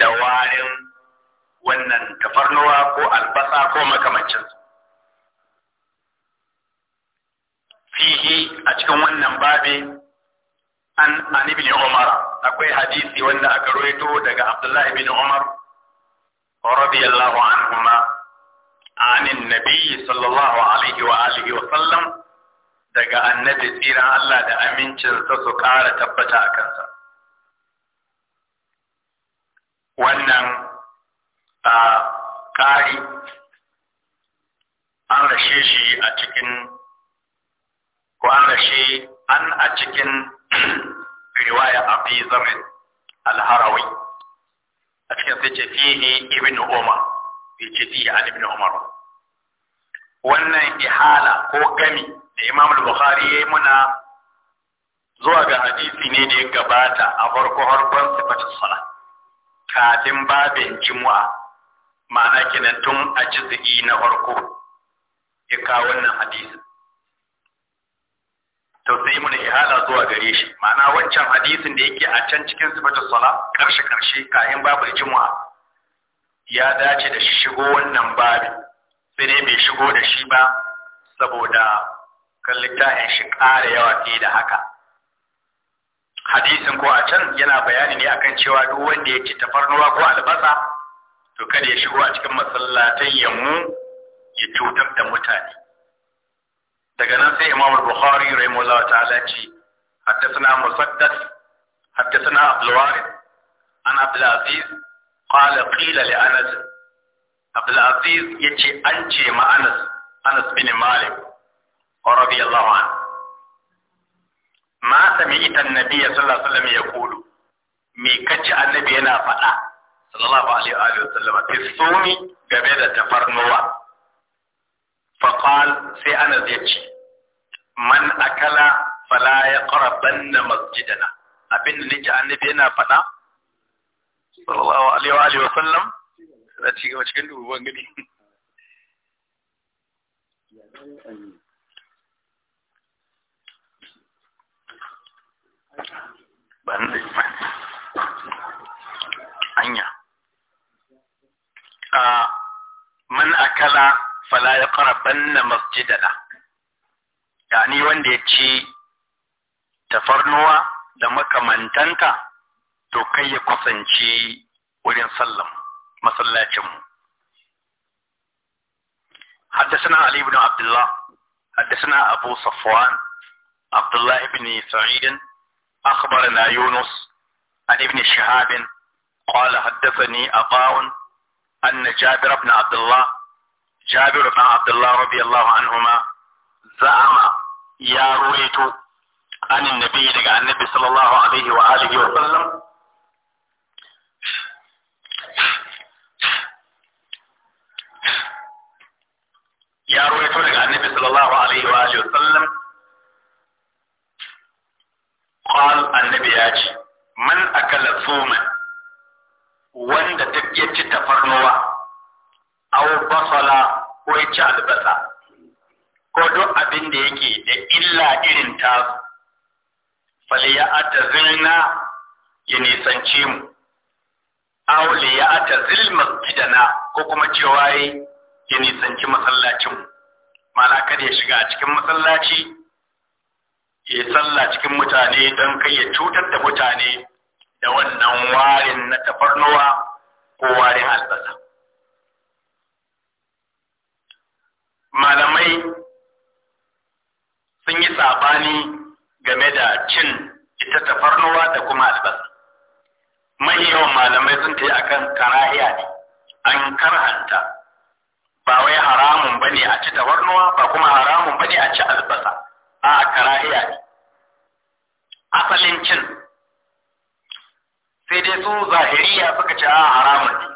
da warin wannan tafarnuwa ko albasa ko makamancinsu fihi a cikin wannan babi an an ibn umar akwai hadisi wanda aka rawaito daga abdullahi ibn umar radiyallahu anhuma anin nabiyyi sallallahu alaihi wa wa sallam daga annabi tsira Allah da amincin sa su ƙara tabbata a kansa wannan ƙari an rashe shi a cikin ko an rashe an a cikin riwaya abi zarri al-harawi a cikin sai ce fihi ibn umar bai ce fiye an ibn umar wannan ihala ko gami da imam al-bukhari yi muna zuwa ga hadisi ne da ya gabata a farko harkon sifatin salat kafin babin jimu'a ma'ana kenan tun a jizgi na farko ya kawo wannan hadisin to sai mun ihala zuwa gare shi ma'ana wancan hadisin da yake a can cikin sifatu sala karshe karshe kayan babin jimu'a ya dace da shigo wannan babin sai dai bai shigo da shi ba saboda kan littafin shi ƙara yawa fiye da haka hadisin ko a can yana bayani ne akan cewa duk wanda ya ci tafarnuwa ko albasa to kada ya shigo a cikin masallatan yammu ya cutar da mutane daga nan sai imam bukhari rahimahullah ta'ala ce حدثنا مسدد حدثنا عبد الوارث عن عبد العزيز قال قيل لأنس عبد العزيز يتي أنت مع أنس أنس بن مالك رضي الله عنه ma sami ita annabi sallallahu alaihi wasallam ya kulu me kace annabi yana faɗa sallallahu alaihi wa sallam fi sumi game da tafarnuwa fa qal sai ana zai ce man akala fala yaqrabanna masjidana abin da nake annabi yana faɗa sallallahu alaihi wa sallam da ci cikin dubban gani ban anya a man akala fala ya qarabanna masjidana yani wanda ya ci tafarnuwa da makamantanta to kai ya kusanci wurin sallam masallacinmu حدثنا علي بن عبد الله حدثنا أبو صفوان عبد الله بن سعيد أخبرنا يونس عن ابن شهاب قال حدثني عطاء أن جابر بن عبد الله جابر بن عبد الله رضي الله عنهما زعم يا رويت عن النبي عن النبي صلى الله عليه وآله وسلم يا رويت عن النبي صلى الله عليه وآله وسلم qal annabi ya ce man akala wanda duk ya ci tafarnuwa aw basala ko ya ci albasa ko duk abin da yake da illa irin ta faliya atazilna ya nisanci mu aw liya atazil masjidana ko kuma cewa ya nisanci masallacin mu mana kada ya shiga cikin masallaci ya salla cikin mutane don kai ya cutar da mutane da wannan warin na tafarnuwa ko warin albasa malamai sun yi sabani game da cin ita tafarnuwa da kuma albasa mai yawan malamai sun yi akan karahiya ne an karhanta ba wai haramun bane a ci tafarnuwa ba kuma haramun bane a ci albasa a karahiya ne asalin cin sai dai su zahiriya suka ce a ah, haramun ne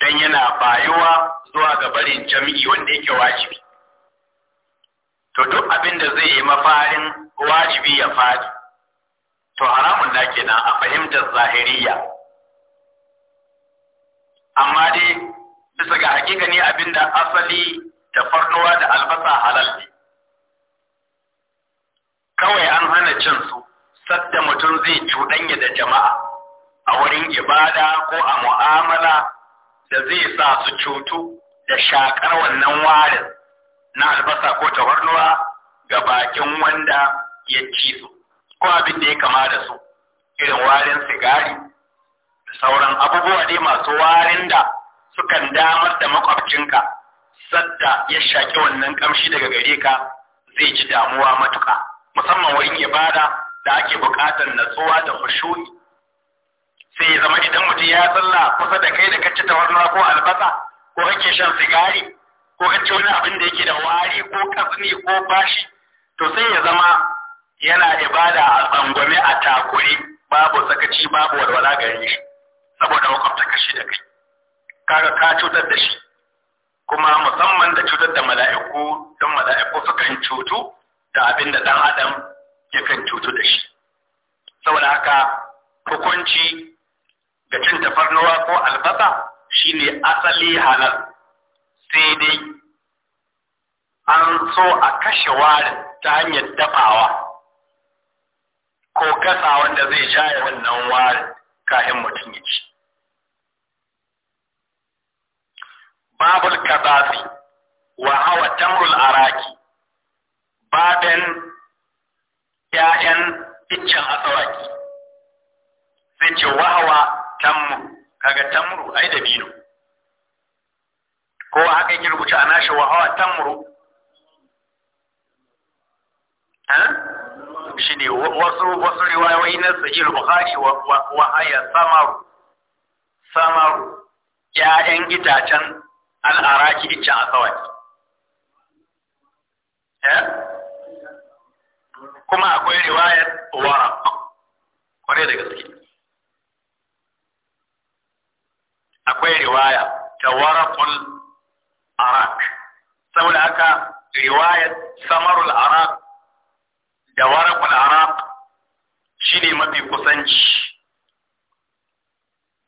dan yana bayuwa zuwa ga barin jami'i wanda yake wajibi to duk abin da zai yi mafarin wajibi ya fadi to haramun na kenan a fahimtar zahiriya amma dai bisa ga hakika ne abin da asali da farnuwa da albasa halal ne kawai an hana cin su sadda mutum zai cuɗanya da jama'a a wurin ibada ko a mu'amala da zai sa su cutu da shakar wannan warin na albasa ko tawarnuwa ga bakin wanda ya ci su ko abin da ya kama da su irin warin sigari da sauran abubuwa dai masu warin da sukan damar da makwabcinka sadda ya shaki wannan ƙamshi daga gare ka zai ji damuwa matuƙa. musamman wurin ibada da ake buƙatar natsuwa da khushu'i sai ya zama idan mutum ya tsalla kusa da kai da kacce ta tafarnuwa ko albasa ko kake shan sigari ko kace wani abin da yake da wari ko kasni ko bashi to sai ya zama yana ibada a tsangwame a takure babu sakaci babu walwala gare shi saboda makwabta kashi da kai kaga ka cutar da shi kuma musamman da cutar da mala'iku don mala'iku sukan cutu da abin da ɗan adam ya kan cutu da shi saboda haka hukunci ga cin tafarnuwa ko albasa shine asali halal sai dai an so a kashe warin ta hanyar dafawa ko gasa wanda zai jaye wannan warin kayan mutum ya ci babul kazafi wa hawa tamrul araki babin ‘ya'yan iccen asawaki sai ce wahawa tammu kaga tamuru ai da bino ko haka yake rubuta a shi wahawa tamru shi ne wasu wasu riwayoyi na sahih bukhari wa haya samaru samaru ‘ya'yan itacen al'araki iccen asawaki kuma akwai riwayar wara kwarai da gaske akwai riwaya ta warakul arak saboda haka riwayar samarul arak da warakul arak shine mafi kusanci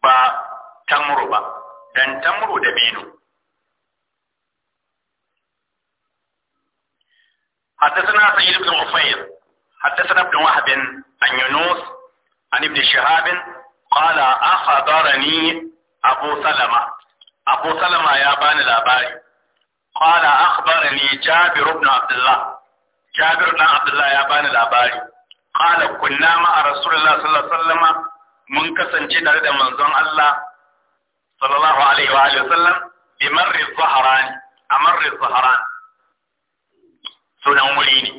ba tamru ba dan tamru da binu حدثنا سيد بن عفير حدثنا ابن وهب عن يونس عن ابن شهاب قال أخبرني أبو سلمة أبو سلمة يا بان الأباري قال أخبرني جابر بن عبد الله جابر بن عبد الله يا بان الأباري قال كنا مع رسول الله صلى الله عليه وسلم من كسن جدر زن الله صلى الله عليه وآله وسلم بمر الظهران أمر الظهران sunan wuri ne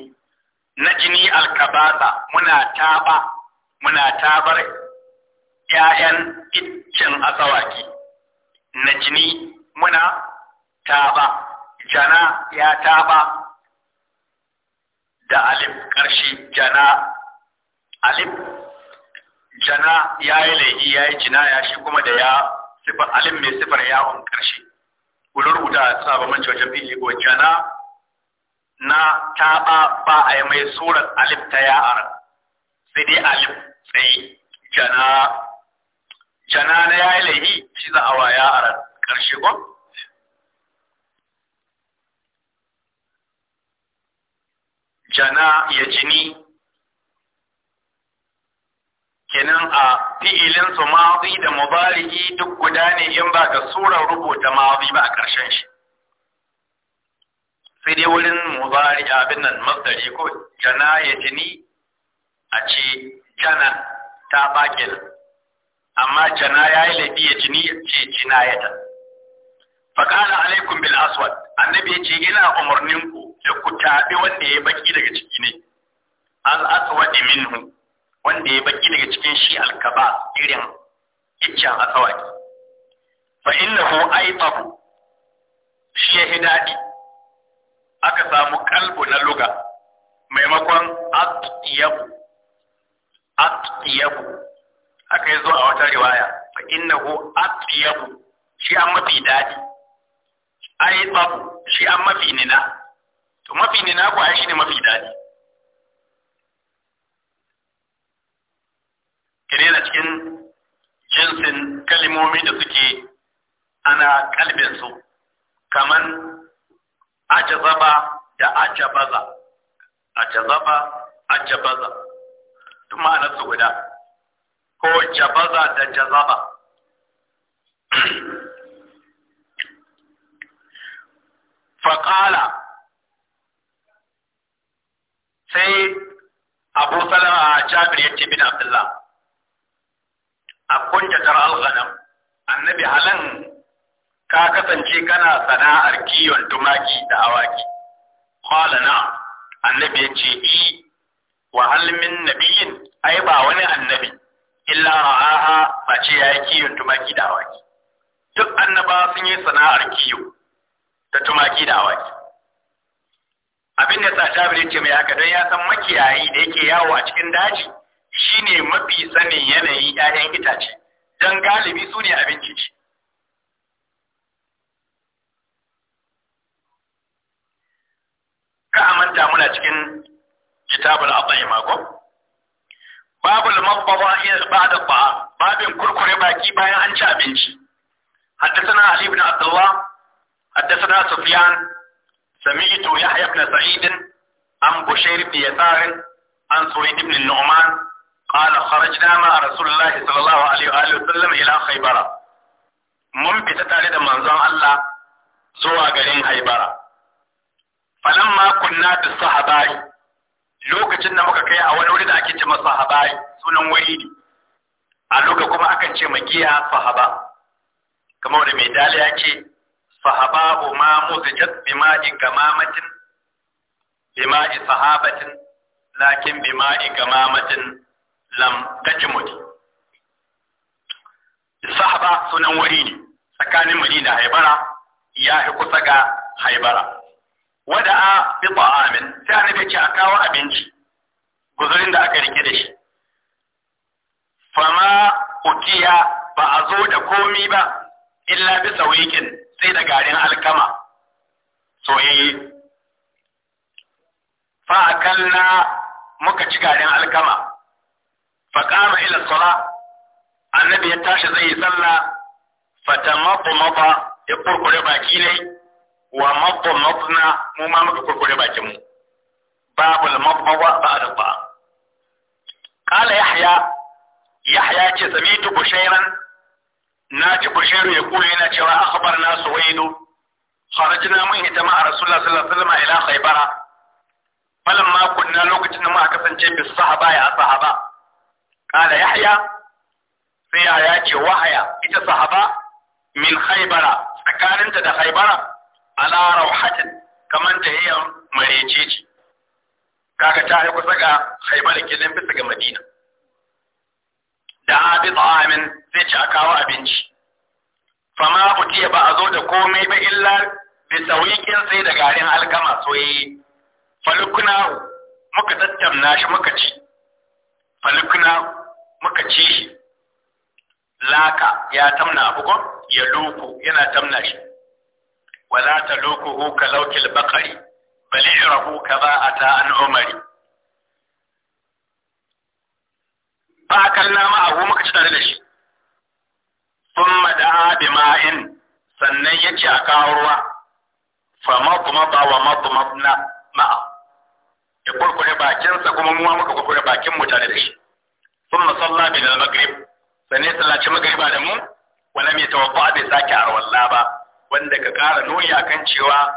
na jini alkabasa muna taba muna tabar ‘ya'yan iccen asawaki na jini muna taba jana ya taba da alif ƙarshe jana alif jana ya yi laifi ya yi jina ya shi kuma da ya sifar alif mai sifar yawon ƙarshe ku rubuta sa ba manci wajen fili ko jana na taɓa ba a yi mai surar alif ta ya'ar sai dai alif sai jana jana na ya yi laihi shi za a wa ya'ar ƙarshe ko jana ya jini kenan a fi'ilinsu mazi da mubariki duk guda ne in ba ga surar rubuta mazi ba a ƙarshen shi sai dai wurin muzari abin nan masdari ko jana ya jini a ce jana ta bakil amma jana ya yi laifi ya jini ce ta faƙala alaikum bil aswad annabi ya ce ina umarninku da ku taɓi wanda ya baki daga ciki ne al aswad minhu wanda ya baki daga cikin shi alkaba irin iccen asawaki fa innahu aifahu shi ya daɗi aka samu kalbu na luga maimakon atyabu atyabu aka yi zo a wata riwaya fa innahu atyabu shi an mafi dadi ai babu shi an mafi nina to mafi nina ko ai shine mafi dadi kire na cikin jinsin kalimomi da suke ana kalbin su kaman ajazaba da ajabaza ajazaba ajabaza duk ma'anar su guda ko jabaza da jazaba faƙala sai abu salama a jabir ya ce bin abdullah a kunjatar al annabi halan ka kasance kana sana'ar kiwon tumaki da awaki qala na annabi ya ce i wa hal min ai ba wani annabi illa ra'aha ba ce ya yi kiwon tumaki da awaki duk annaba sun yi sana'ar kiwo da tumaki da awaki abin da sa jabir ce mai haka don ya san makiyayi da yake yawo a cikin daji shine mafi sanin yanayi 'ya'yan itace don galibi su ne abinci ci ka a manta muna cikin kitabul Allah ya ko babul mabbada ya ba'da ba babin kurkure baki bayan an ci abinci haddathana ali ibn abdullah haddathana sufyan sami'tu yahya ibn sa'id an bushair bi yasar an sa'id ibn nu'man qala kharajna ma'a rasulullah sallallahu alaihi wa sallam ila khaybara mun fita tare da manzon Allah zuwa garin Khaybara falan ma kunna bi sahabai lokacin da muka kai a wani wuri da ake ce masa sahabai sunan wuri ne a lokacin kuma akan ce magiya sahaba kamar da mai dali ya ce bu ma muzijat in gamamatin in sahabatin lakin in gamamatin lam tajmudi sahaba sunan wuri ne tsakanin madina haibara ya fi kusa ga haibara a bi ta'amin sai annabi ce a kawo abinci guzurin da aka rike da shi fama utiya ba a zo da komi ba illa bi sawikin sai da garin alkama soyayye fa akalla muka ci garin alkama fa qama ila sala annabi ya tashi zai yi sallah fatamata mata ya kurkure baki ne wa mabbamatna mu ma muka kurkure bakin mu babu al-mabbaba ba'd al-ba qala yahya yahya ce samitu bushairan naji bushairu ya kula yana cewa akhbarna suwaidu kharajna mun hita ma rasulullah sallallahu alaihi wasallam ila khaybara falamma kunna lokacin da muka kasance bi sahaba ya sahaba qala yahya sai ya ce wahaya ita sahaba min khaybara tsakaninta da khaybara ala rawhatin kaman da yayin marece ce kaga ta haihu saka haibar kilin bisa ga madina da abi ta'amin zai ci a kawo abinci ku utiya ba a zo da komai ba illa bi sawikin sai da garin alkama soyayye falukuna muka tattamna shi muka ci falukuna muka ci shi laka ya tamna abu ya loko yana tamna shi wala talukuhu kalawkil baqari bal irahu kama ata an umari fa akalla ma abu muka ci tare da shi thumma da'a bima'in sannan yace a kawo ruwa fa ma kuma ba wa ma kuma ya kurkure bakinsa kuma muwa muka kurkure bakin mu da shi sannan da mu mai bai sake arwalla ba wanda ka ƙara nuni kan cewa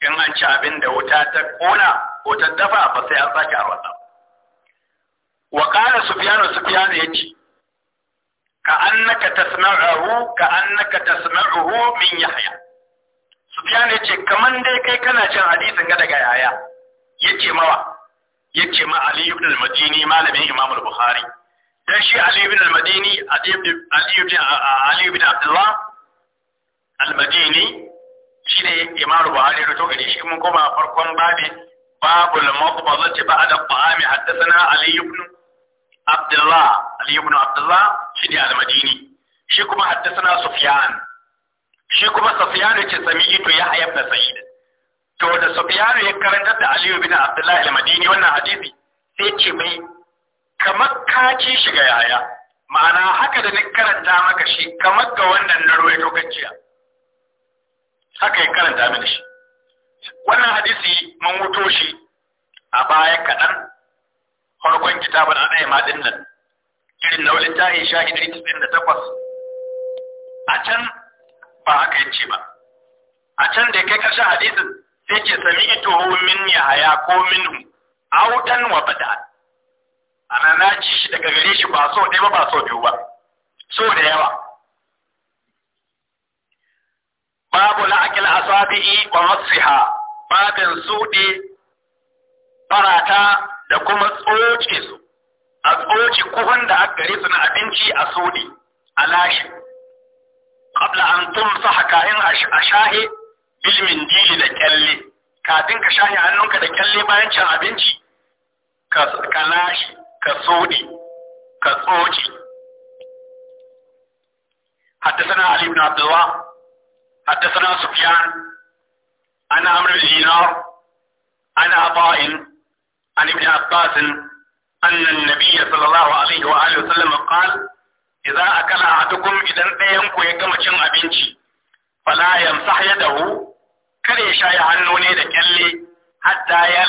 in an ci abin da wuta ta ƙona ko ta dafa ba sai an sake a wasa. Wa ƙara Sufiyanu Sufiyanu ya ce, ka annaka na ka annaka tasma'uhu min Yahya. Sufiyanu ya ce kamar dai kai kana cin hadisin ga daga Ya ce mawa Ya ce ma Ali ibn al-Madini malamin Imam al-Bukhari. Dan shi Ali ibn al-Madini Ali ibn Abdullah al-madini shine imamu buhari da gare shi mun koma farkon babi babul maqbazati ba'da qa'ami haddathana ali ibn abdullah ali ibn abdullah shine Almadini, shi kuma haddathana sufyan shi kuma sufyan yace sami'tu yahya ibn sa'id to da sufyan ya karanta da ali ibn abdullah Almadini wannan hadisi sai ce mai kamar ka ci shi ga yaya ma'ana haka da ni karanta maka shi kamar ga wannan na ruwaito haka ya karanta mini shi wannan hadisi mun wuto shi a baya kaɗan farkon kitabun an ɗaya maɗin nan irin na wani tahi sha ɗari tisin da takwas a can ba haka ya ce ba a can da ya kai ƙarshen hadisin sai ke sami ito min ya haya ko min autan wa bada ana na ci shi daga gare shi ba so ɗaya ba ba so biyu ba so da yawa babu la'akil asabi'i wa masiha babin suɗe barata da kuma tsoce su a tsoce kuhun da aka gare su na abinci a suɗe a lashe kabla an haka in a shahe ilmin dili da kyalle kafin ka shahe hannunka da kyalle bayan cin abinci ka lashe ka suɗe ka tsoce حدثنا علي بن عبد الله حدثنا سفيان عن عمرو بن دينار عن عطاء عن ابن عباس أن النبي صلى الله عليه وآله وسلم قال إذا أكل أحدكم إذا ɗayanku ya gama cin abinci fala yamsah dahu. kada ya shaye hannu ne da kyalle hatta ya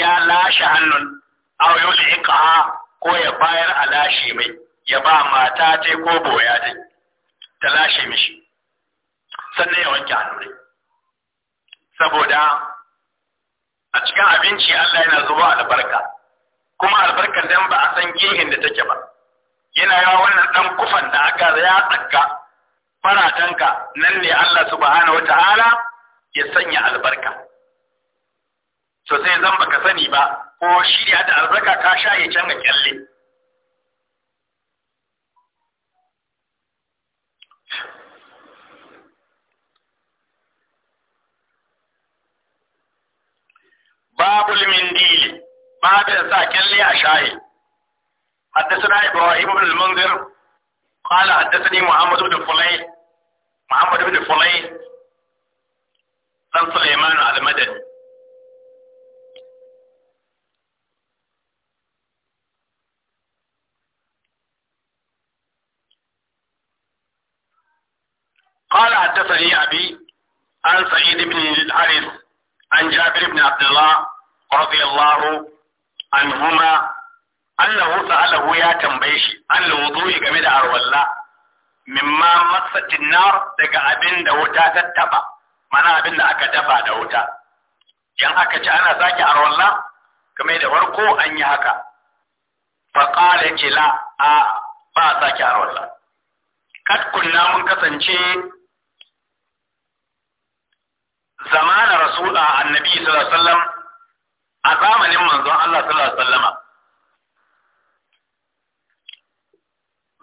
ya lashe hannun aw yulhiqaha ko ya bayar a lashe mai ya ba mata ta ko boya ta ta lashe mishi sannan ya wanke hannu saboda a cikin abinci Allah yana zuba albarka kuma albarkar dan ba a san gehen da take ba yana yawa wannan dan kufan da aka ya tsakka faratanka nan ne Allah subhanahu wataala ya sanya albarka so sai zan baka sani ba ko shirya da albarka ka sha ya canza kyalle باب المنديل باب ساكن لي أشاي حدثنا إبراهيم بن المنذر قال حدثني محمد بن فليل محمد بن فليل عن سليمان على مدن قال حدثني أبي عن سعيد بن الحارث عن جابر بن عبد الله رضي الله عنهما أنه سأله يا تنبيش عن الوضوء جميل أرولا مما مست النار دقا أبن دوتا تتبع معنى أبن أكتبع دوتا yan aka ci ana sake arwalla kamar da farko an yi haka faƙala ce la a ba a sake arwalla kad kunna mun kasance zamana rasula annabi sallallahu a zamanin manzon Allah sallallahu alaihi wasallama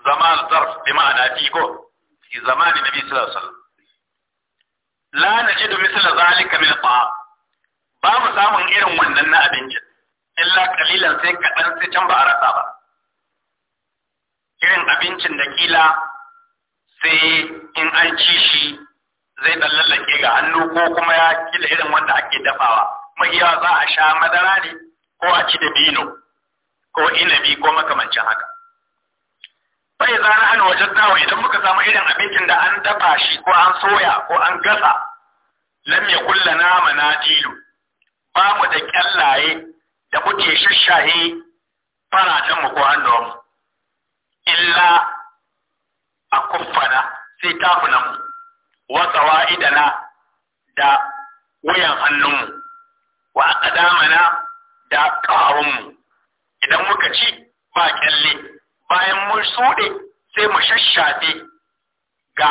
zaman zarf bi ma'ana fi ko fi zamani nabi sallallahu alaihi wasallam la najidu misla zalika min ta'am ba mu samun irin wannan na abinci illa qalilan sai kadan sai can ba a rasa ba irin abincin da kila sai in an ci shi zai dan lallake ga hannu ko kuma ya kila irin wanda ake dafawa mai yawa za a sha madara ne ko a ci da ko inabi ko makamancin haka bai za na hana wajen tawo idan muka samu irin abincin da an dafa shi ko an soya ko an gasa lam ya kulla nama na tilo ba mu da kyallaye da muke shashahe faratan mu ko hannuwanmu illa a kuffana sai tafunan mu wasa wa'idana da wuyan hannunmu wa aqdamana da mu idan muka ci ba ƙyalle bayan mun suɗe sai mu shashafe ga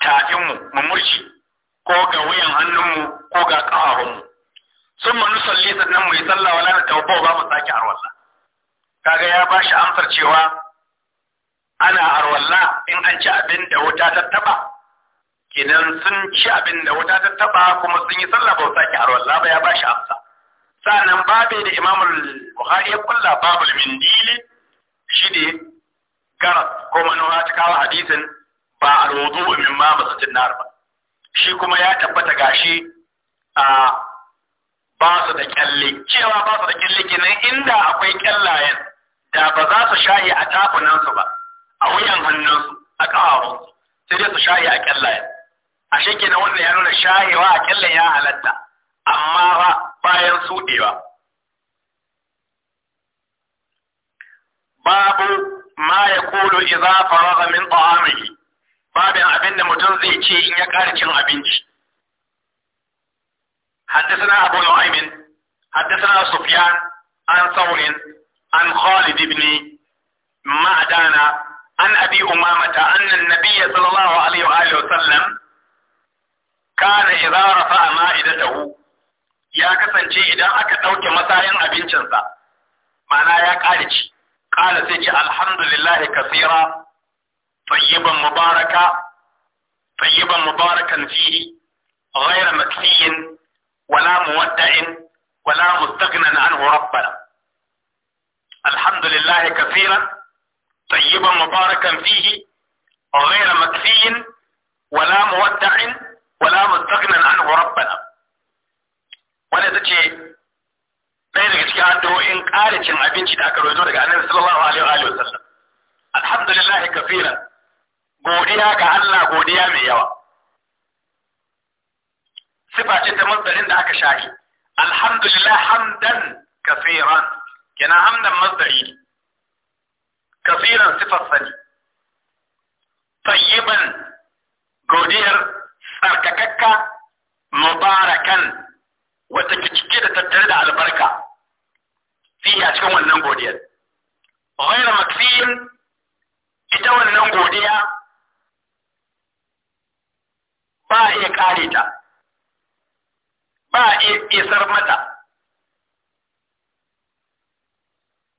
tafinmu mu murci ko ga wuyan hannunmu ko ga ƙahonmu sun manu salli sannan mu yi sallah wala da tawba ba mu sake kaga ya bashi amsar cewa ana arwalla in an ci abin da wuta ta taba Idan sun ci abin da wata ta taba kuma sun yi sallah ba sake arwalla ba ya bashi amsa sanan babe da Imam Bukhari ya kulla babul mindili shi ne garat ko manuwa ta kawo hadisin ba alwudu min ma masatin nar ba shi kuma ya tabbata gashi a ba su da kyalle cewa ba su da kyalle kenan inda akwai kyallayen da ba za su shayi a tafunansu ba a wuyan hannunsu a ƙafafunsu sai dai su shayi a kyallayen a shekin na wannan ya nuna shayewa a kyallen ya halatta amma bayan suɗewa babu ma ya kulu idza faraga min ta'amihi babin abin da mutum zai ce in ya ƙara cin abinci حدثنا أبو نعيم حدثنا سفيان عن ثور عن خالد بن معدان عن أبي أمامة أن النبي صلى الله عليه وآله وسلم kana idza rafa'a ma'idatahu ya kasance idan aka dauke masayan abincinsa mana ya kare ci kala sai ce alhamdulillah kasira tayyiban mubaraka tayyiban mubarakan fihi ghayra makfiyin wala muwadda'in wala mustaghnan anhu rabbana alhamdulillah kasiran tayyiban mubarakan fihi ghayra makfiyin wala muwadda'in wala mustaqnan anhu rabbana wanda tace ɗaya daga cikin addu'o'in ƙara cin abinci da aka rojo daga annabi sallallahu alaihi wa sallam alhamdulillah kafiran godiya ga Allah godiya mai yawa sifa ce ta masdarin da aka shahi alhamdulillah hamdan kafiran kenan hamdan masdari kafiran sifar sani tayyiban godiyar tsarkakakka mubarakan wata cike da tattare da albarka fi a cikin wannan godiyar ghayra maksin ita wannan godiya ba a iya kare ta ba a iya isar mata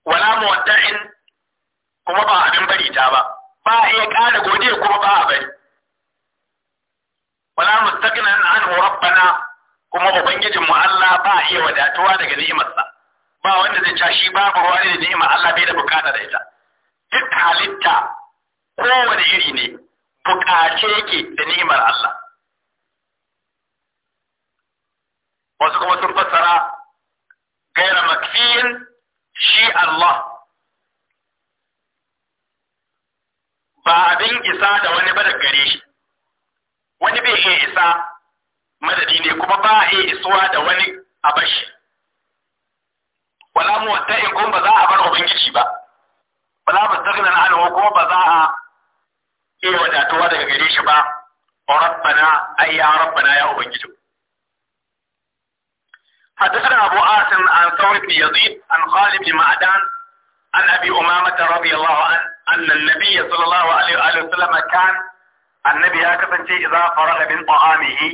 wala muwadda'in kuma ba abin bari ta ba ba a iya kare godiya kuma ba a bari wala mustaqina anhu rabbana kuma ubangijin mu Allah ba iya wadatuwa daga ni'imarsa ba wanda zai tashi babu ruwa ne da ni'ima Allah bai da bukata da ita duk halitta kowane iri ne bukace yake da ni'imar Allah wasu kuma sun fassara gaira makfiyin shi Allah ba abin isa da wani ba da gare shi wani bai iya isa madadi ne kuma ba iya isuwa da wani a bashi wala mu wata in kuma ba za a bar ubangiji ba wala ba ta na anhu kuma ba za a iya wadatuwa daga gare shi ba rabbana ay ya rabbana ya ubangiji حدثنا أبو عاصم عن ثور بن يزيد عن خالد بن معدان عن أبي أمامة رضي الله عنه أن النبي صلى الله عليه وآله وسلم كان annabi ya kasance idza faraga min ta'amihi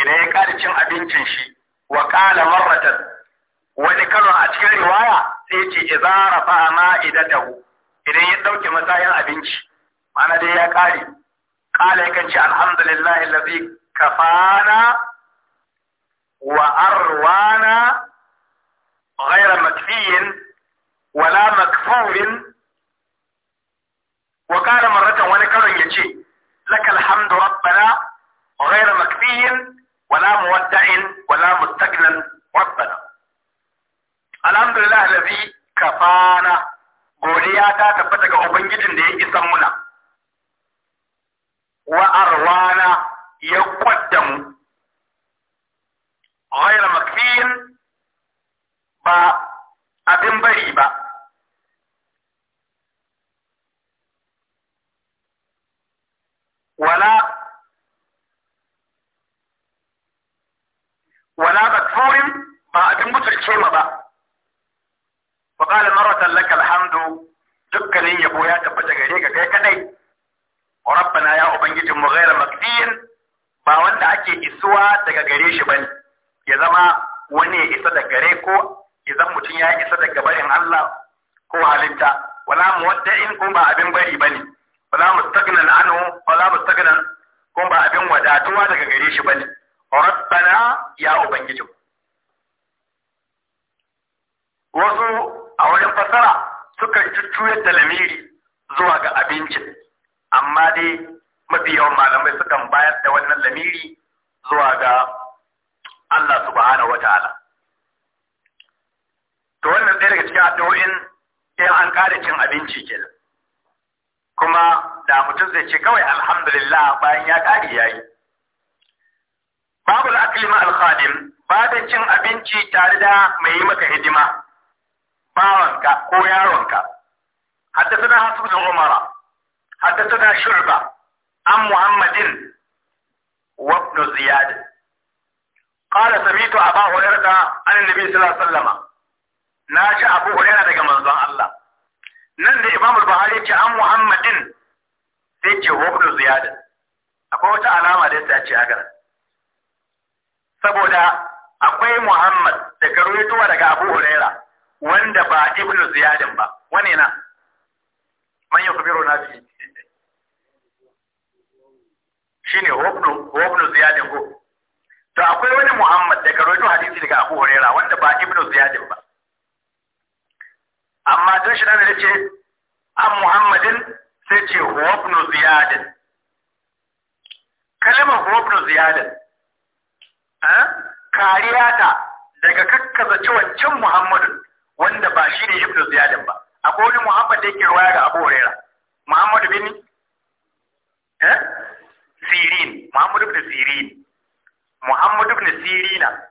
idan ya kare cin abincin shi wa qala marratan wani kano a cikin riwaya sai ya ce idza rafa ma'idatahu idan ya dauke masayan abinci ma'ana dai ya kare qala yakan ce alhamdulillahi allazi kafana wa arwana غير مكفي ولا مكفور وقال wani وانا ya ce. لك الحمد ربنا غير مكفي ولا مودع ولا متقن ربنا الحمد لله الذي كفانا غوليا تا تبتا ga ubangijin da ya isa muna wa غير مكفي ba abin bari ba wala wala matfurin ba abin mutarce ma ba wa qala maratan laka alhamdu dukkanin yabo ya tabbata gare ka kai kadai rabbana ya ubangijin mu ghayra maqdiyin ba wanda ake isuwa daga gare shi bane ya zama wani ya isa daga gare ko idan mutum ya isa daga barin Allah ko halitta wala muwadda'in ko ba abin bari bane wala mustaqnan anhu wala mustaqnan kuma ba abin wadatuwa daga gare shi bane rabbana ya ubangiji wasu a wurin fasara sukan cuccuyar da lamiri zuwa ga abincin amma dai mafi yawan malamai sukan bayar da wannan lamiri zuwa ga Allah subhanahu wa ta'ala to wannan ɗaya daga cikin addu'o'in sai an ƙara cin abinci kenan kuma da mutum zai ce kawai alhamdulillah bayan ya ƙari ya yi babu al'akli ma ba da cin abinci tare da mai yi maka hidima bawanka ko yaronka حدثنا حفص بن عمر حدثنا شعبة عن محمد وابن زياد قال سمعت أبا هريرة عن النبي صلى الله عليه وسلم ناجى أبو هريرة من الله nan da Imam Buhari ce an Muhammadin sai ce hukunin ziyada akwai wata alama da ta ce haka saboda akwai Muhammad da ruwaitowa daga Abu Huraira wanda ba Ibn Ziyadin ba wane na man yakbiru na fi shine hukun hukun ziyadin ko to akwai wani Muhammad da ruwaito hadisi daga Abu Huraira wanda ba Ibn Ziyadin ba amma don shi da ce an muhammadin sai ce huwabnu ziyadin kalmar huwabnu ziyadin eh, kariya ta daga kakkaza wancan muhammadin wanda ba shi ne ibnu ziyadin ba akwai wani muhammad da yake ruwaya ga abu huraira muhammadu bin eh, sirin muhammadu bin sirin muhammadu bin sirina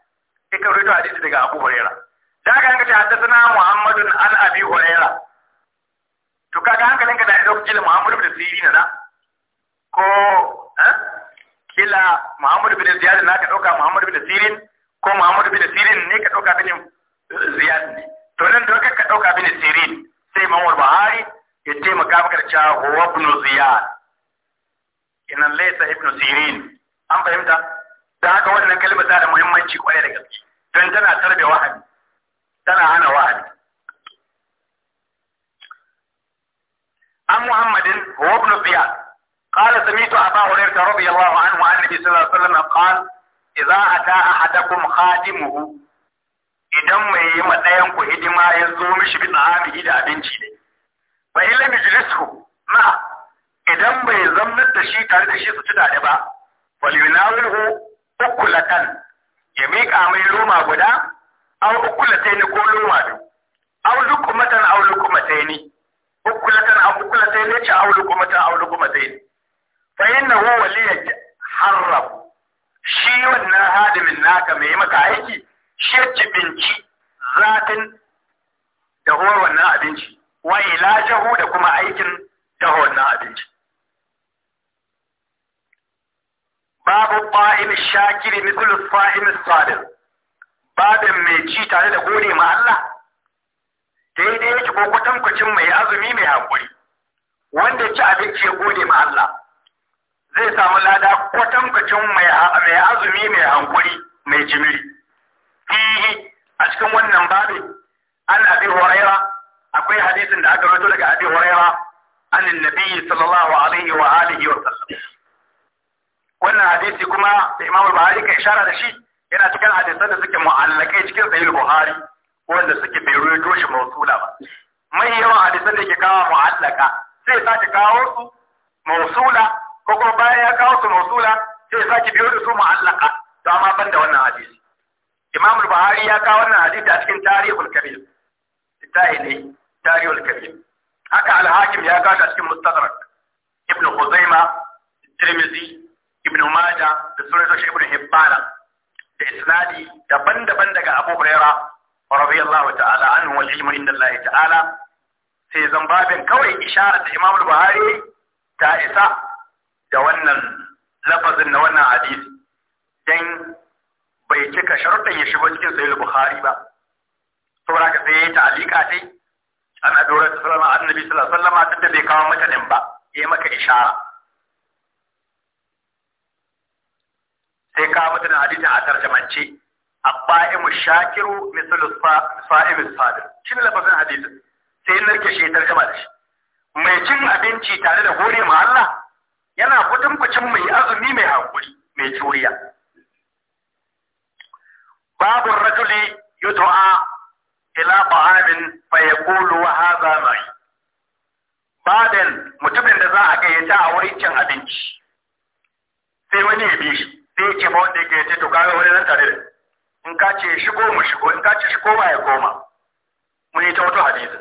ikan rito hadisi daga abu huraira da ka yanka haddathana muhammadun an abi huraira to kaga hankalinka da idan kila muhammadu bin siri na ko eh, kila muhammadu bin ziyad na ka dauka muhammadu bin sirin ko muhammadu bin sirin ne ka dauka bin ziyad ne to nan da ka dauka bin sirin sai mawar bahari ya taimaka maka da cewa huwa bin ziyad ina laisa ibn sirin an fahimta da haka wannan kalmar ta da muhimmanci kwarai da gaske don tana tarbe wahabi tana hana wa'adi. an muhammadin wa ibn ziyad قال سمعت أبا هريرة رضي الله عنه عن النبي صلى الله عليه a قال إذا أتى أحدكم خادمه idan mai yi matsayin ku hidima ya zo mishi bi tsamihi da abinci ne ba illa mijlisku ma idan bai zamnar da shi tare da shi su ci dade ba wal yunawilhu ukulatan ya mika mai roma guda aw ukulataini ko loma biyu aw lukumatan aw lukumataini ukulatan aw ukulataini cha aw lukumatan aw lukumataini fa innahu waliyaj harrab shi wannan hadimin naka mai maka aiki shi ya binci zatin dahowar wannan abinci wa ilajahu da kuma aikin huwa wannan abinci babu ba'in shakiri mithlu fa'in sadir babin mai ci tare da gode ma Allah daidai yake ko kwatankwacin mai azumi mai haƙuri wanda ci abinci ya gode ma Allah zai samu lada kwatankwacin mai azumi mai haƙuri mai jimiri fihi a cikin wannan babin an abi horaira akwai hadisin da aka rato daga abi horaira an nabi sallallahu alaihi wa alihi wa sallam wannan hadisi kuma da Imam Buhari ka ishara da shi yana cikin hadisan da suke mu'allakai cikin sahih buhari wanda suke bai ruwaito shi mausula ba mai yawan hadisan da ke kawo mu'allaka sai sake kawo su mausula ko kuma bayan ya kawo su mausula sai sake biyo da su mu'allaka to amma ban da wannan hadisi imam buhari ya kawo wannan hadisi a cikin tarihul kabir tayi ne tarihul kabir haka al-hakim ya kawo a cikin mustadrak ibn khuzaima tirmidhi ibn majah da sunan ibn hibbana da isnadi daban-daban daga Abu Huraira radiyallahu ta'ala anhu wal ilmu inda Allah ta'ala sai zambabin babin kawai isharar da Imam Buhari ta isa da wannan lafazin na wannan hadisi dan bai cika sharuɗin ya shigo cikin sahih Buhari ba saboda haka sai ya ta'alika sai an adora sallama annabi sallallahu alaihi wasallam tunda bai kawo mata din ba yayi maka ishara sai ka na hadisin a tarjamance abba'imu shakiru misal sa'imu sadir shi ne lafazin hadisin sai narke shi tarjama da shi mai cin abinci tare da gore ma Allah yana kutumkucin mai azumi mai hankuri mai juriya babu rajuli yud'a ila ta'amin fa yaqulu wa hadha mai baden mutumin da za a gayyata a wurin cin abinci sai wani ya bi shi sai ce ma wanda yake ce to kaga wani nan tare da in ka ce shigo mu shigo in ka ce shigo ma ya koma mun yi ta wato hadisi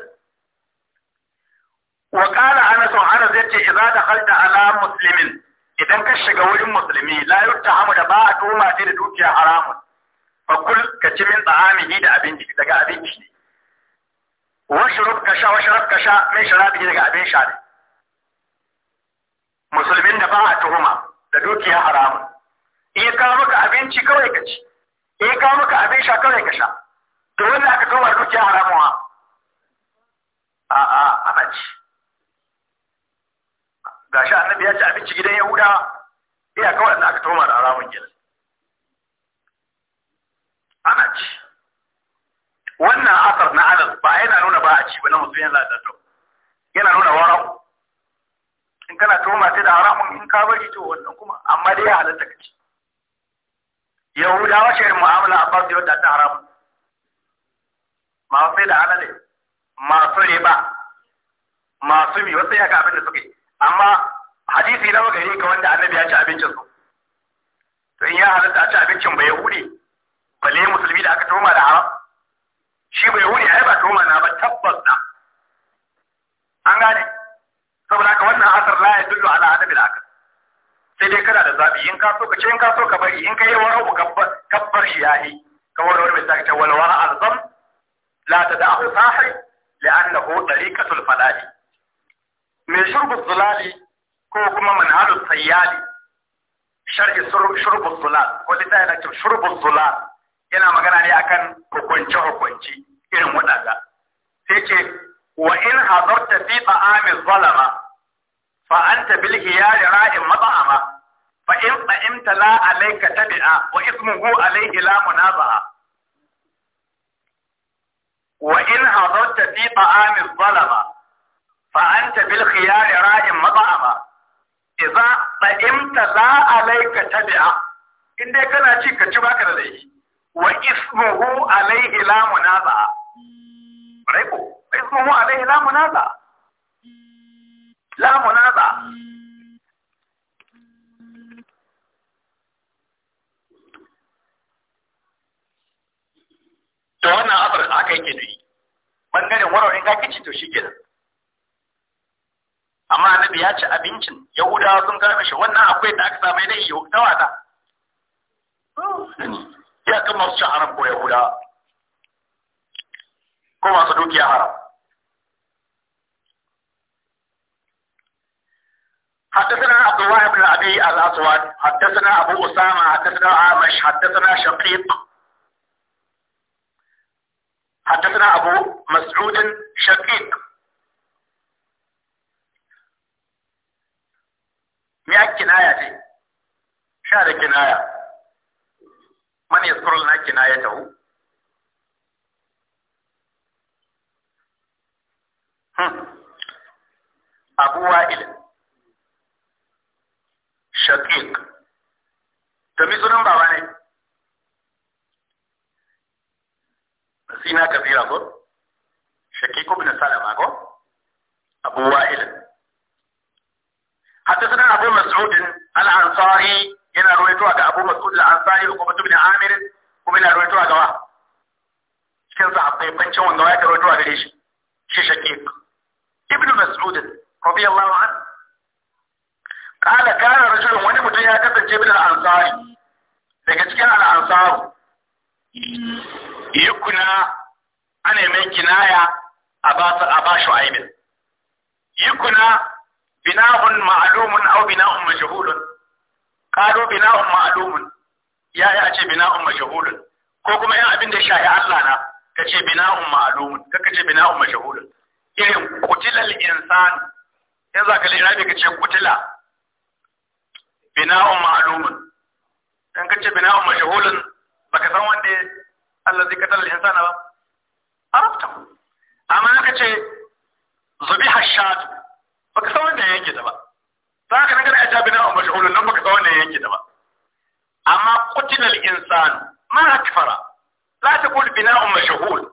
wa qala anas anas yace idza dakhalta ala muslimin idan ka shiga wurin musulmi la yuttahamu da ba a tuhuma shi da dukiya haramun fa kul ka ci min tsa'amihi da abinci daga abinci ne wa shurub ka sha wa sharab ka sha min sharabi daga abin sha ne musulmin da ba a tuhuma da dukiya haramun Eh, ya kawo maka abinci kawai ka ci eh, ya kawo maka abin sha kawai ka sha to wanda aka kawo kuke dukiya haramuwa a a ana ci Ga shi annabi ya ci abinci gidan yahuda iya kawai da aka kawo da haramun gidan ana ci wannan asar na adal ba yana nuna ba a ci ba na mutum yana da to yana nuna wara'u in kana tuhuma sai da haramun in ka bari to wannan kuma amma dai ya halatta ka ci yahudawa shi mu'amala a farko wadda ta haramu. masu sai da halale masu riba masu mi wasu yaka abin da suke amma hadisi na yi ka wanda annabi ya ci abincin su to in ya halatta a ci abincin ba yahudi bale musulmi da aka toma da haram shi bai yahudi yi ba toma na ba tabbas na an gane saboda ka wannan asar la ya dullu ala adabil sai dai kana da zaɓi in ka so ka ce in ka so ka bari in ka yi wani abu ka bari ya yi ka wani wani misali ta wani wani alzam la ta da abu sahai ka dariqatul falali mai shurbu zulali ko kuma manhalu sayyali sharhi shurbu zulal ko ta yana cewa shurbu zulal yana magana ne akan hukunce hukunci irin waɗanda sai ce wa in hadarta fi ta'amin zalama fa anta bil hiyari ra'in mat'ama fa in fa in tala alayka tabi'a wa ismuhu alayhi la munabaha wa in hadarta fi ta'amil zalama fa anta bil khiyar ra'in mat'ama idza fa in tala alayka tabi'a in dai kana ci ka ci baka da laifi wa ismuhu alayhi la munabaha rai ko ismuhu alayhi la munabaha la munabaha to wannan abar da aka yake nuyi bangaren warwarin gakici to shi kenan amma annabi ya ci abincin yahudawa sun kame shi wannan akwai da aka samai dai yau ta wata ya kan masu cin haram ko yahudawa ko masu dukiya haram حدثنا عبد الله بن ابي الاسود حدثنا ابو اسامه حدثنا عامش حدثنا شقيق حدثنا أبو مسعود شقيق مئة كناية شهر كناية من يذكر لنا كنايته أبو وائل شقيق تميزنا بابا kabira ko shakiku bin salama ko abu wa'il حدثنا أبو مسعود الأنصاري yana ruwaitowa ga Abu Mas'ud al-Ansari ko Mutum bin Amir kuma yana ruwaitowa ga wa cikin sahabbai bancin wanda ya a gare shi shi Shaqiq Ibn Mas'ud radiyallahu anhu qala kana rajul wani mutum ya kasance bin al-Ansari daga cikin al-Ansar yukuna ana mai kinaya a ba shi aibin yukuna bina'un ma'lumun aw bina'un majhulun qalu bina'un ma'lumun ya ya ce bina'un majhulun ko kuma yan abin da shahi Allah na kace bina'un ma'lumun kaka ce bina'un majhulun irin qutilal insan yan zaka lirabi kace qutila bina'un ma'lumun dan kace bina'un majhulun baka san wanda Allah zai katar al-insana ba Arabta, amma aka ce zubi ba baka san wanda ya yanke ta ba za ka nan a jabi na umar shi'ulun nan baka san wanda ya yanke ta ba amma kutinal insanu ma akfara la taqul bina umar shi'ulun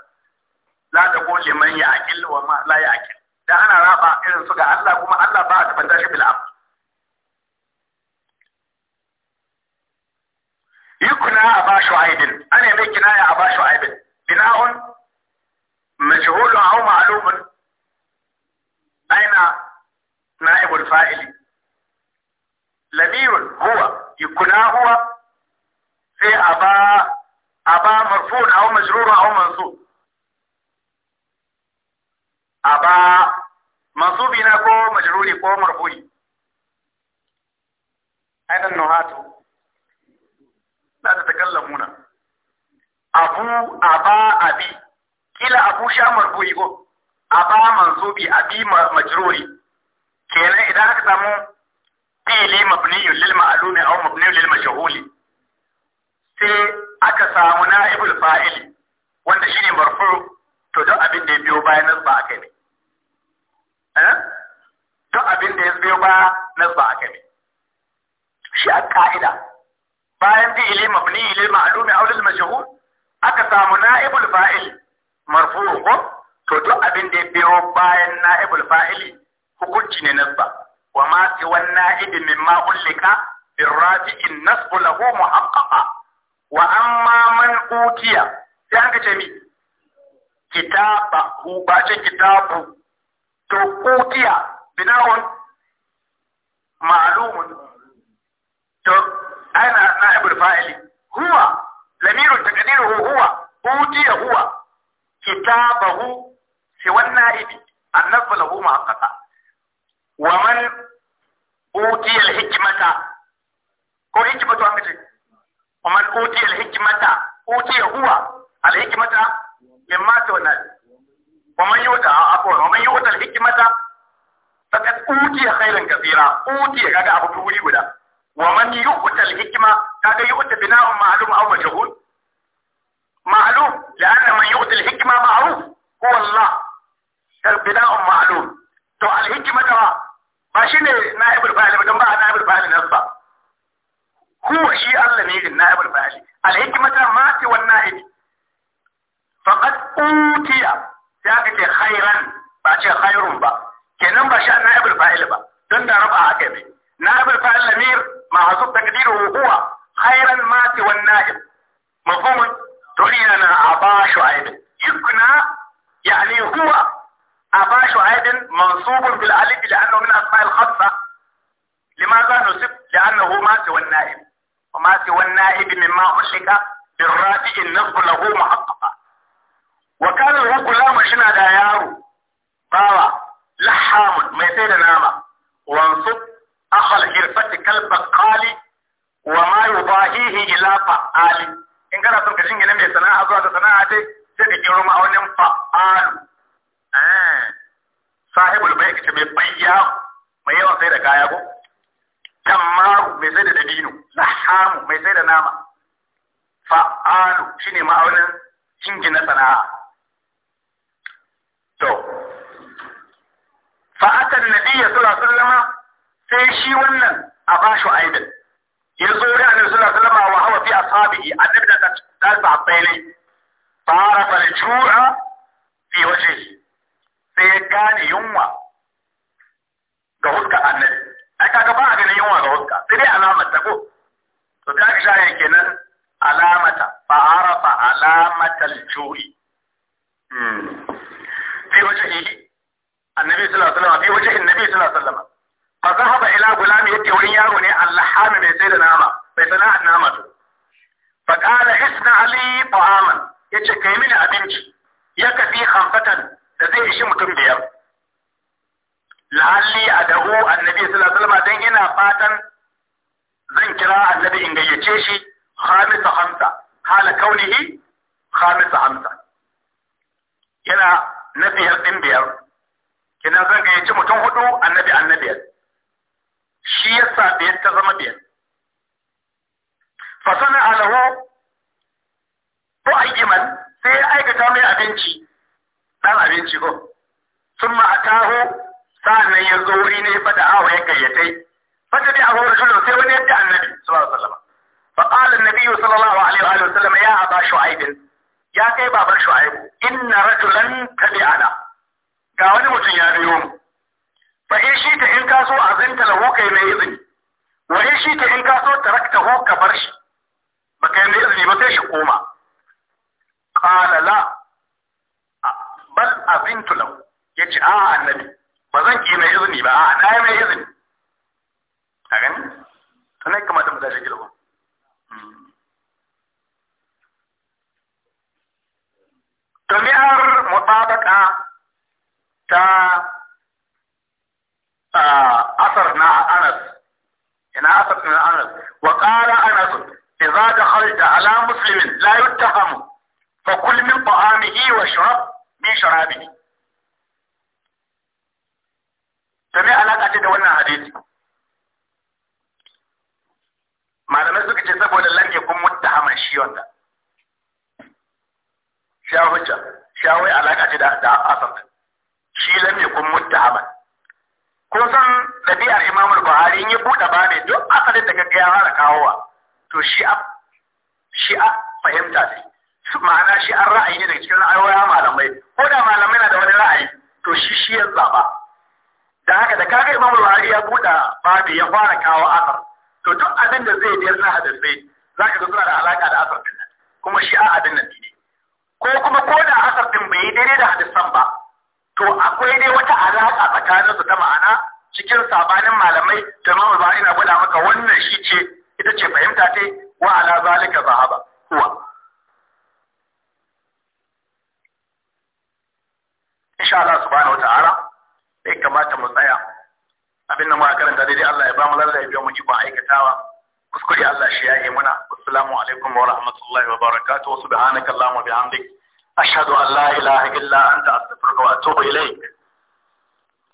ko liman ya akil wa ma la ya akil da ana raba irin su ga Allah kuma Allah ba ta banda shi bil ab yukna aba shu'aibin ana mai kinaya aba shu'aibin bina'un majhulun aw ma'lumun aina na'ibul fa'ili lamirun huwa yukna huwa sai aba aba marfu' aw majrur aw mansub aba mansubi na ko majruri ko marfu'i aidan nuhatu la tatakallamuna abu aba abi kila abu sha marfu'i ko aba mansubi abi majruri kenan idan aka samu fi'li mabniyun lil ma'lumi aw mabniyun lil majhuli sai aka samu na'ibul fa'ili wanda shine marfu to duk abin da ya biyo bayan nasba akai ne duk eh? abin da ya biyo ba na nasba a kai. shi a ka'ida bayan fi'ili mabni lil ma'lumi aw lil aka samu na'ibul fa'il marfu ko to duk abin da ya biyo bayan na'ibul fa'ili hukunci ne nasba wa ma si wan na'ib mimma ullika in nasbu lahu muhaqqaqa wa amma man utiya sai an ce mi kitaba hu ba ce kitabu to uqiya bina'un ma'lumun to ana na'ibul fa'ili huwa lamiru taqdiruhu huwa utiya huwa kitabahu fi wanna'ibi annabu lahu ma'aqata wa man utiya al-hikmata ko hikmatu an kace wa man utiya al-hikmata utiya huwa al-hikmata mimma tawanna ومن يؤتى عفوا ومن يؤتى الحكمة فقد أوتي خيرا كثيرا أوتي هذا أبو تولي ولا ومن يؤتى الحكمة هذا يؤتى بناء معلوم أو مجهول معلوم لأن من يؤتى الحكمة معروف هو الله بناء معلوم تو الحكمة ba shi ne na'ibul fa'il ba don ba na'ibul fa'il nan ba huwa shi Allah ne din na'ibul fa'il al-hikmata ma ti wan na'ib faqad utiya sai aka ce khairan ba ce khairun ba kenan ba sha na na'ibul fa'il ba dan da raba aka na na'ibul fa'il lamir ma hasu taqdiruhu huwa khairan ma ti wan na'ib mafhumun to na aba shu'aib yukna yani huwa aba shu'aib mansub bil alif li'annahu min asma'il khassa limaza nusib لماذا نسب لأنه مات والنائب ومات والنائب مما علق بالرافع النصب له محققا wa kana shi na da yaro bawa lahamun mai sai da nama wansu akhal hirfati kalba qali wa ma yubahihi ila fa'ali in kana son ka shingine mai sana'a zuwa ta sana'a dai sai ka kiro ma'aunin fa'alu sahibul bai kace mai bayya mai yawan sai da kaya ko jammaru mai sai da dabino lahamu mai sai da nama fa'alu shine ma'aunin jingina sana'a فأتى النبي صلى الله عليه وسلم في شي ونن أغاشو أيضا يزور عن النبي صلى الله عليه وسلم وهو في أصحابه النبي صلى الله عليه فعرف الجوع في وجهه سيكان يوم غوثك أنه أكا كفا أغن يوم غوثك سيدي علامة تقول فتاك شاهي كنن علامة فعرف علامة الجوع fi wajhihi annabi sallallahu alaihi wasallam fi wajhi annabi sallallahu alaihi wasallam fa zahaba ila gulami yake wani yaro ne allahami mai sai da nama bai sana'a nama to fa qala isna ali ta'aman yace kai mini abinci ya kafi khamfatan da zai ishi mutum biyar lahalli adahu annabi sallallahu alaihi wasallam dan ina fatan zan kira annabi in gayyace shi khamisa hamsa hala kaunihi khamisa hamsa yana na biyar din biyar kina zan gayyaci mutum hudu annabi annabiyar shi yasa biyar ta zama biyar fa sana alahu ko ayyiman sai ya aikata mai abinci dan abinci ko sun ma'atahu sa'annan ya zo wuri ne fa da awa ya gayyatai fata da ahu rasulun sai wani yadda annabi sallallahu alaihi wasallam fa qala an-nabi sallallahu alaihi wa sallam ya aba shu'aibin. ya kai babar shu'aibu inna rajulan tabi'ana ga wani mutum ya biyo mu fa in shi ta in kaso azinta lahu kai mai izini wa in shi ta in kaso tarakta hu ka bar shi ba kai mai izini ba sai shi koma qala la bal azintu lahu yace a annabi ba zan ki mai izini ba a na mai izini a gani sanai kamata mu shi gilwa hmm. تمیار مطابق تا اثر آه، نا انس انا اثر نا انس وقال انس اذا دخلت على مسلم لا يتهم فكل من طعامه وشرب من شرابه تمي على قاعده ده حديث hadisi malamai suka ce saboda lange kun mutta sha hujja sha wai alaka ce da da asar shi lam yakun muttahaman kun san dabi'ar Imam Buhari in ya buɗe ne duk asalin da kaga ya fara kawowa to shi a shi a fahimta ne ma'ana shi an ra'ayi ne daga cikin ra'ayoyin malamai ko da malamai na da wani ra'ayi to shi shi ya zaba da haka da kaga Imam Buhari ya buɗe ne ya fara kawo asar to duk abin da zai biyar na hadisai zaka ga suna da alaka da asar kuma shi a abin nan ne ko kuma ko da asar din bai daidai da hadisan ba to akwai dai wata alaƙa tsakanin su ta ma'ana cikin sabanin malamai da ma ba ina gwada maka wannan shi ce ita ce fahimta ce wa ala zalika zahaba kuwa insha Allah subhanahu wata'ala sai kamata mu tsaya abin nan mu karanta daidai Allah ya ba mu lallai biyo mu ji ba aikatawa kuskure Allah shi ya yi muna assalamu alaikum wa rahmatullahi wa barakatuh subhanakallahumma bihamdik ashhadu an la ilaha illa anta astaghfiruka wa atubu ilaik